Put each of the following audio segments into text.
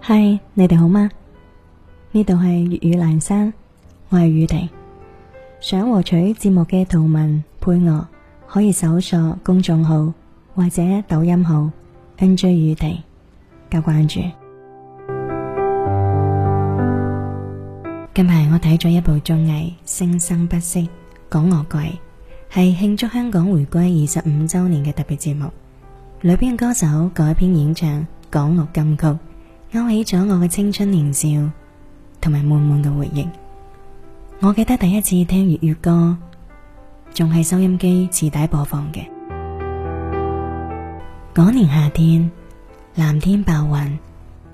嗨，Hi，你哋好嗎？呢度係粵語欄山，我係雨婷。想獲取節目嘅圖文配樂，可以搜索公眾號或者抖音號 N J 雨婷加關注。近排我睇咗一部綜藝《聲生不息》講樂，港樂季係慶祝香港回歸二十五周年嘅特別節目，裏邊歌手改編演唱港樂金曲。勾起咗我嘅青春年少，同埋滿滿嘅回憶。我記得第一次聽粵語歌，仲係收音機磁帶播放嘅。嗰年夏天，藍天白雲，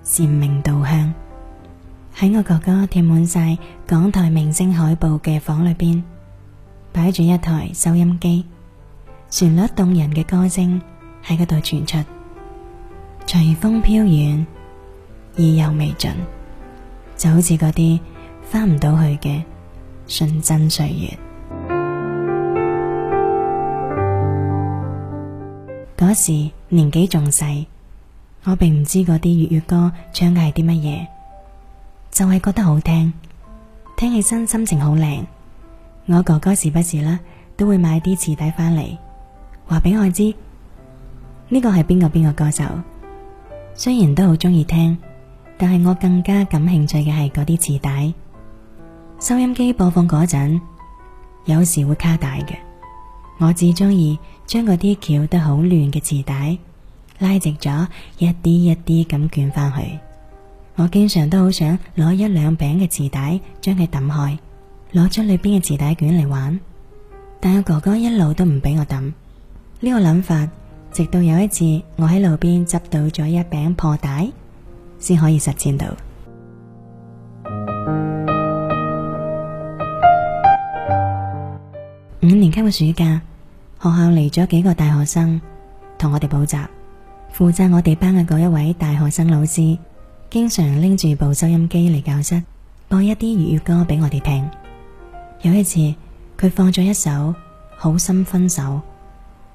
蟬鳴稻香，喺我哥哥貼滿晒港台明星海報嘅房裏邊，擺住一台收音機，旋律動人嘅歌聲喺嗰度傳出，隨風飄遠。意猶未盡，就好似嗰啲翻唔到去嘅純真歲月。嗰 時年紀仲細，我並唔知嗰啲粵語歌唱嘅係啲乜嘢，就係覺得好聽，聽起身心情好靚。我哥哥時不時啦都會買啲磁帶翻嚟，話俾我知呢個係邊個邊個歌手。雖然都好中意聽。但係我更加感興趣嘅係嗰啲磁帶，收音機播放嗰陣，有時會卡帶嘅。我只中意將嗰啲翹得好亂嘅磁帶拉直咗，一啲一啲咁捲翻去。我經常都好想攞一兩餅嘅磁帶，將佢抌開，攞出裏邊嘅磁帶卷嚟玩。但係我哥哥一路都唔俾我抌呢個諗法。直到有一次，我喺路邊執到咗一餅破帶，先可以實踐到。五年級嘅暑假，學校嚟咗幾個大學生同我哋補習。負責我哋班嘅嗰一位大學生老師，經常拎住部收音機嚟教室播一啲粵語歌俾我哋聽。有一次，佢放咗一首《好心分手》，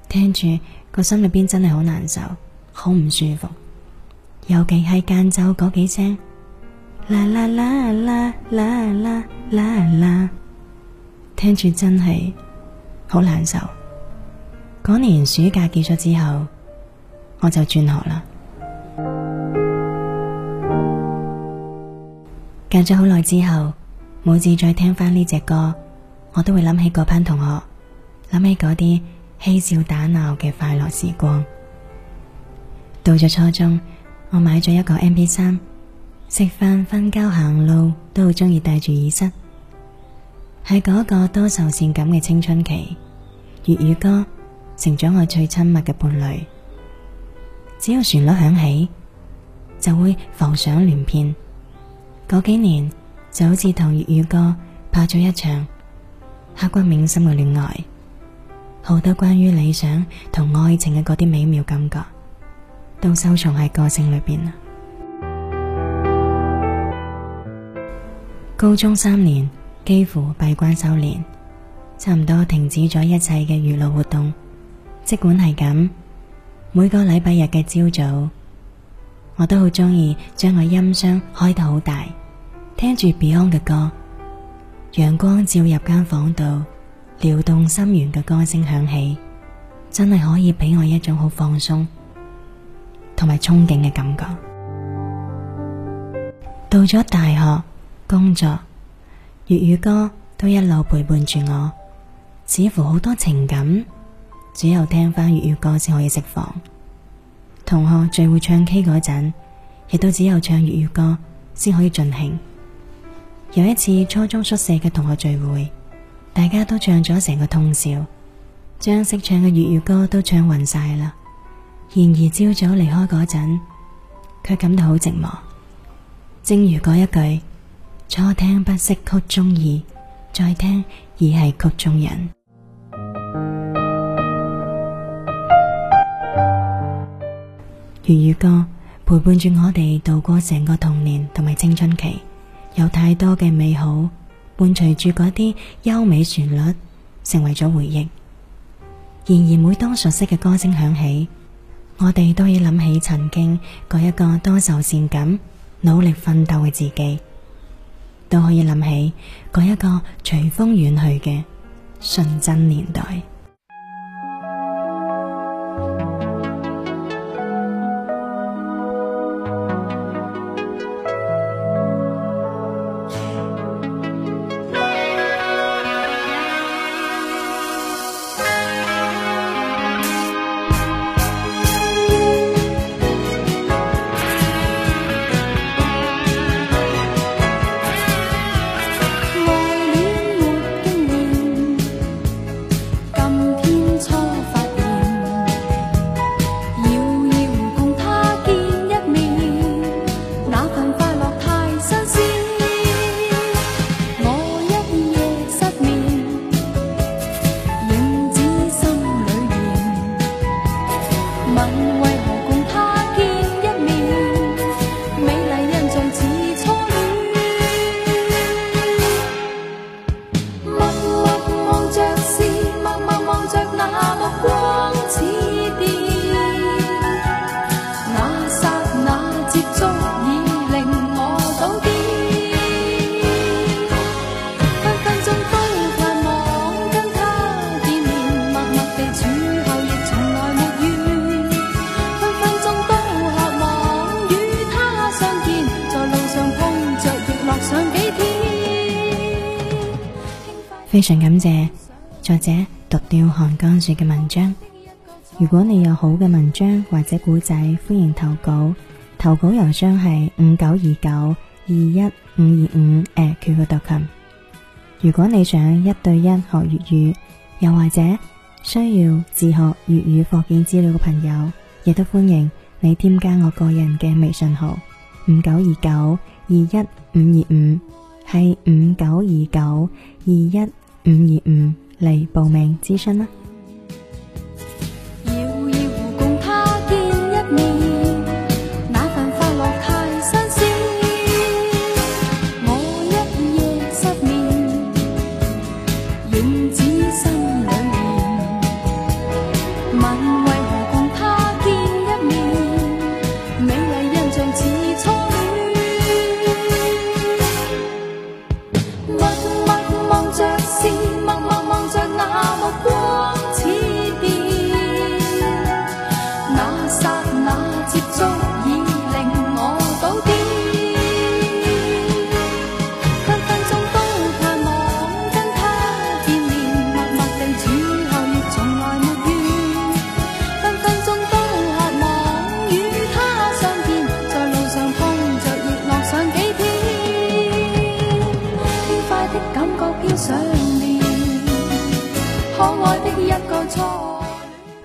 聽住個心裏面真係好難受，好唔舒服。尤其係間奏嗰幾聲，啦啦啦啦啦啦啦啦，聽住真係好難受。嗰年暑假結束之後，我就轉學啦。隔咗好耐之後，每次再聽返呢隻歌，我都會諗起嗰班同學，諗起嗰啲嬉笑打鬧嘅快樂時光。到咗初中。我買咗一個 MP3，食飯、瞓覺、行路都好中意帶住耳塞。喺嗰個多愁善感嘅青春期，粵語歌成咗我最親密嘅伴侶。只要旋律響起，就會浮想聯翩。嗰幾年就好似同粵語歌拍咗一場刻骨銘心嘅戀愛，好多關於理想同愛情嘅嗰啲美妙感覺。都收藏喺歌聲裏邊啦。高中三年幾乎閉關修煉，差唔多停止咗一切嘅娛樂活動。即管係咁，每個禮拜日嘅朝早，我都好中意將個音箱開到好大，聽住 Beyond 嘅歌。陽光照入間房度，撩動心弦嘅歌聲響起，真係可以俾我一種好放鬆同埋憧憬嘅感覺，到咗大學工作，粵語歌都一路陪伴住我，似乎好多情感，只有聽翻粵語歌先可以釋放。同學聚會唱 K 嗰陣，亦都只有唱粵語歌先可以盡興。有一次初中宿舍嘅同學聚會，大家都唱咗成個通宵，將識唱嘅粵語歌都唱暈晒啦。然而朝早離開嗰陣，佢感到好寂寞。正如嗰一句：初聽不識曲中意，再聽已係曲中人。粵語歌陪伴住我哋度過成個童年同埋青春期，有太多嘅美好伴隨住嗰啲優美旋律，成為咗回憶。然而每當熟悉嘅歌聲響起，我哋都可以諗起曾經嗰一個多愁善感、努力奮鬥嘅自己，都可以諗起嗰一個隨風遠去嘅純真年代。非常感謝作者讀掉寒江雪嘅文章。如果你有好嘅文章或者古仔，歡迎投稿。投稿郵箱係五九二九二一五二五。誒，佢嘅讀琴。Um. 如果你想一對一學粵語，又或者需要自學粵語課件資料嘅朋友，亦都歡迎你添加我個人嘅微信號五九二九二一五二五，係五九二九二一。五二五嚟報名諮詢啦！